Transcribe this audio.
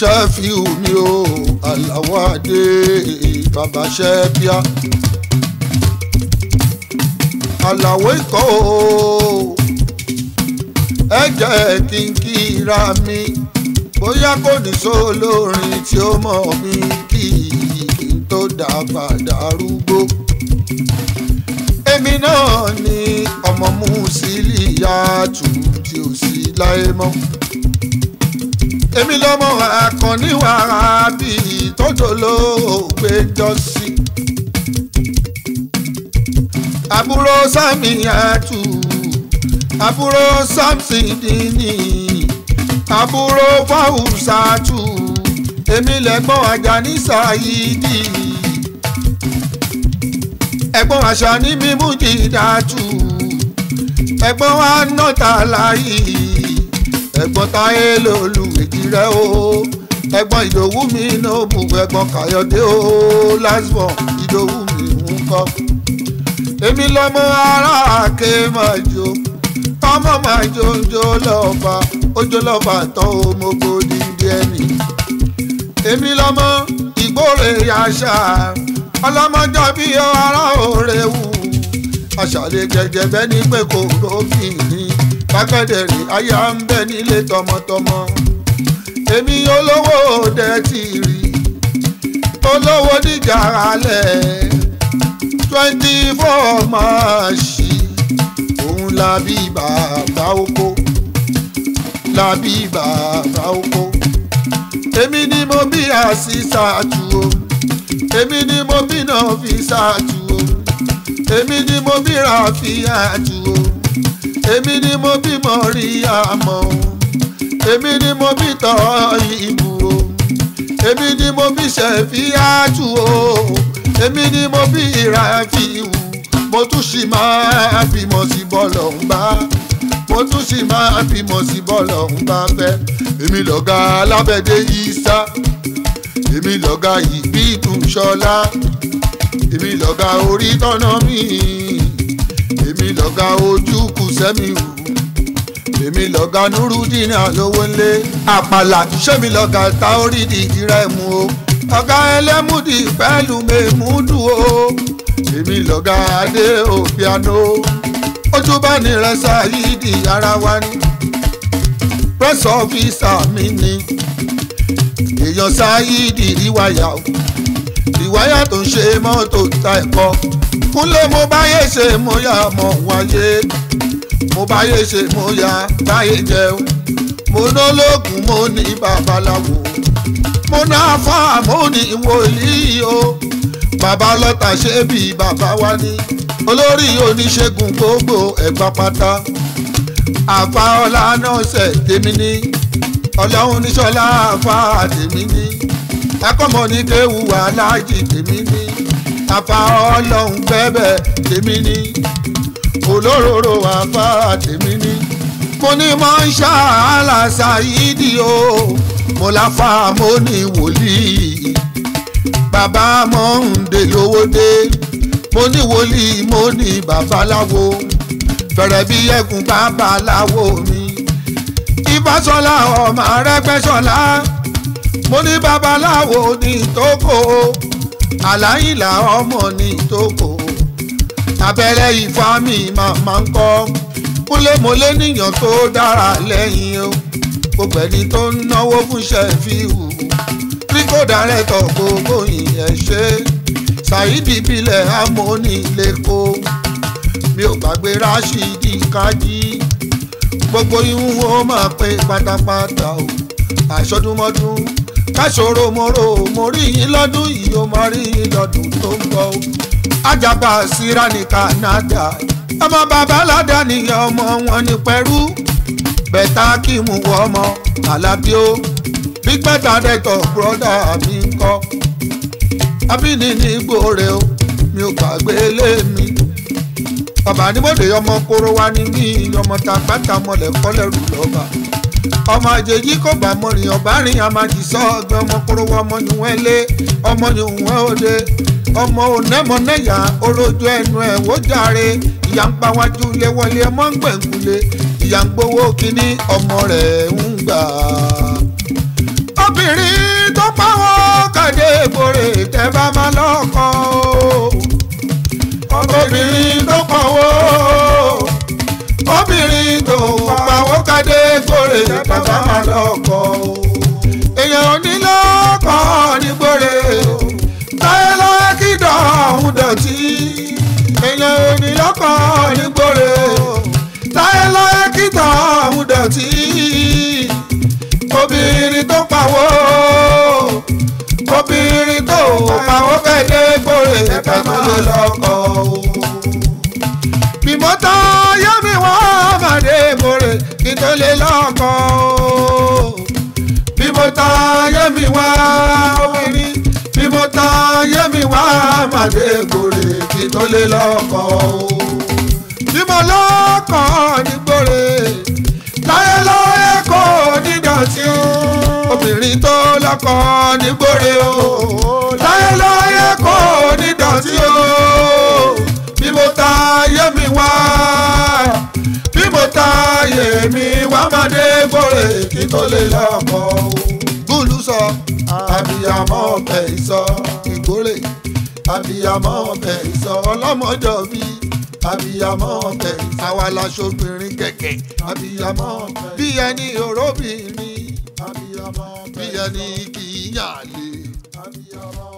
ṣẹ́fíù ni o àlàwọ̀ adé bàbá ṣẹ́bíà àlàwọ̀ ikọ̀ o ẹ jẹ́ kí n kíra mi bóyá kò ní sólórin tí ó mọ̀ mí kí kí n tó dá padà arúgbó èmi náà ni ọmọ Musiliya tù tí ó sì láyé mọ́ èmi lọ́mọ àkànní wàrà bí ìtọ́jọ́ ló gbé jọ àbúrò sami àtù àbúrò samson dini àbúrò fáwùsàtù èmi lẹ́gbọ́n Àjàní Sàídì ẹ̀gbọ́n Àṣàní mímú dìdàtù ẹ̀gbọ́n wa nọ́tà láyìí ẹ̀gbọ́n táyé lolùwèjì rẹ̀ o ẹ̀gbọ́n ìdòwú mi nóòbù ẹ̀gbọ́n kàyọ̀dé o lásìbọ̀n ìdòwú mi ń kọ́. èmi lọ́mọ ará àké máa jó ọmọ máa jó jó lọ́ọ̀bà ojó lọ́ọ̀bà tán o mo gbòdì bí ẹni. èmi lọ́mọ ìgbóre àṣà ọlọ́mọjọ́ bí ará òre wù àṣà bẹ́ni pé kò rófin bákàndé rè aya ń bẹ nílé tọmọtọmọ èmi olówó òde ti rí olówó níjà alẹ́ twenty four máàṣì òun làbí bàbá oko làbí bàbá oko èmi ni mo bí àṣìṣà tù o èmi ni mo bí náà fi ṣáàtù o èmi ni mo bí ra fi àtù o èmi ni mo bímọ rí àmọ́ èmi ni mo bí tọ́ ìbù o èmi ni mo bí ṣẹ̀fíàtù o èmi ni mo bí ìràfíù mo tún sì máa bímọ sí bọ́ọ̀lù ń bá mo tún sì máa bímọ sí bọ́ọ̀lù ń bá fẹ́ èmi lọ̀gá alábẹ́dẹ́ yìí sá èmi lọ̀gá ìbí ìtúnṣọlá èmi lọ̀gá orí tọ́nà míì èmi lọ́gá ojú kù sẹ́mi wù èmi lọ́gá nurudin alówó ńlé àpàlà sẹ́mi lọ́gá táórìdì ìrẹ́mu o ọ̀gá ẹlẹ́múdì pẹ́ẹ́lú mẹ́múdù o èmi lọ́gá adé o piano ojú bá ní rẹ́sà yìí di ara wa ni press officer mi ni èèyàn sáyidi ìwàyà o ìwáyà tó ń ṣe mọ́tò ta ẹ̀kọ́ kúnlé mo báyé ṣe mo yá mọ̀ wáyé mo báyé ṣe mo yá báyé jẹun mo nólógùn mo ní babaláwo mo náà fọ́ àmúni wòlíì o bàbá lọ́tà ṣe bí bàbá wa ní olórí oníṣègùn gbogbo ẹ̀gbá pátá àfa ọlá náà ṣẹ̀ tèmi ní ọlọ́run níṣọ́lá àfa tèmi ní akọ́mọ ní kéwu aláàjì tèmi ní àfa ọlọ́run bẹ́bẹ̀ tèmi ní olóróró àfa tèmi ní. mo ní mọ́ ń ṣá àlàsà yìí dì o mo láfa mo ní wòlíì bàbá mọ́ ń dè lówó dé mo ní wòlíì mo ní babaláwo fẹ̀rẹ̀ bí ẹkùn babaláwo mi ìbásọ́lá ọmọ arẹ́gbẹ́sọ́lá mo ní babaláwo ní ìtókò aláìlà ọmọ ní ìtókò abẹ́rẹ́ ìfá mi màmá ń kọ́ múlémúlé níyàn tó dára lẹ́yìn o gbogbo ẹni tó ń náwó fún ṣẹ́fíù rí kó dárẹ́tọ̀ gbogbo ìyẹn ṣe ṣàyídì bílẹ̀ amóni lẹ́kọ́ mi ò gbàgbé ráṣídì kájí gbogbo ihun ó máa pé pátápátá o àṣọdúnmọ́dún káṣòro moro rò mo rí yín lọ́dún yìí ó mọ rí yín lọ́dún tó ń bọ̀ o. àjàgbá síra ní Canada ọmọ bàbá ládàá nìyẹn ọmọ wọn ní pẹ̀rú bẹ̀tà kí mú wọ ọmọ alábí o big beta dẹ́tọ̀ bọ́dà mi ń kọ́ abíní ní gbòòrè o mi ò gbàgbé lé mi bàbá nímọ̀dé ọmọ koro wa ní mí ọmọ tàgbàtà mọ̀lẹ́kọ́lẹ́rù lọ́ba ọmọ àjèjì kò bá mọrin ọ̀bárin àmàjìsọ ọgbẹ ọmọ korowó ọmọ yìnwẹ́ lé ọmọ yìnwẹ́ òde ọmọ onẹ́mọ̀nẹ́yà olójú ẹnu ẹ̀ wò jàre ìyá ń pa wájú ilé wọlé ọmọ ń gbẹ̀ǹkulé ìyá ń gbowó kínní ọmọ rẹ̀ ń gbà. obìnrin tó pawọ́ kàdé ìbòrè tẹ́ bá máa lọ́kọ̀ọ́ obìnrin tó pawọ́. nígbòrè bàbá máa lọ́kọ̀ o. èèyàn onílọ́kọ̀ nígbòrè o. láyé láyé kí dọ̀hún dọ̀tí. èèyàn onílọ́kọ̀ nígbòrè o. láyé láyé kí dọ̀hún dọ̀tí. obìnrin bí mo ta yẹ́mi wá màdé gbòòrè kí tó lé lọ́kọ o. bí mo lọ́kọ̀ ní gbòòrè láyé láyé kò ní dọ̀tí o. obìnrin tó lọ́kọ̀ ní gbòòrè o láyé láyé kò ní dọ̀tí o. bí mo ta yẹ́mi wá bí mo ta yẹ́mi wá màdé gbòòrè kí tó lé lọ́kọ o abiyamọ ọbẹ ìsọ ìgbórè abiyamọ ọbẹ ìsọ ọlọmọjọ bí abiyamọ ọbẹ ìsọ àwa la ṣobìnrin kẹkẹ abiyamọ ọbẹ bí ẹni òróbìnrin abiyamọ ọbẹ ìsọ bí ẹni kì yàn lé abiyamọ.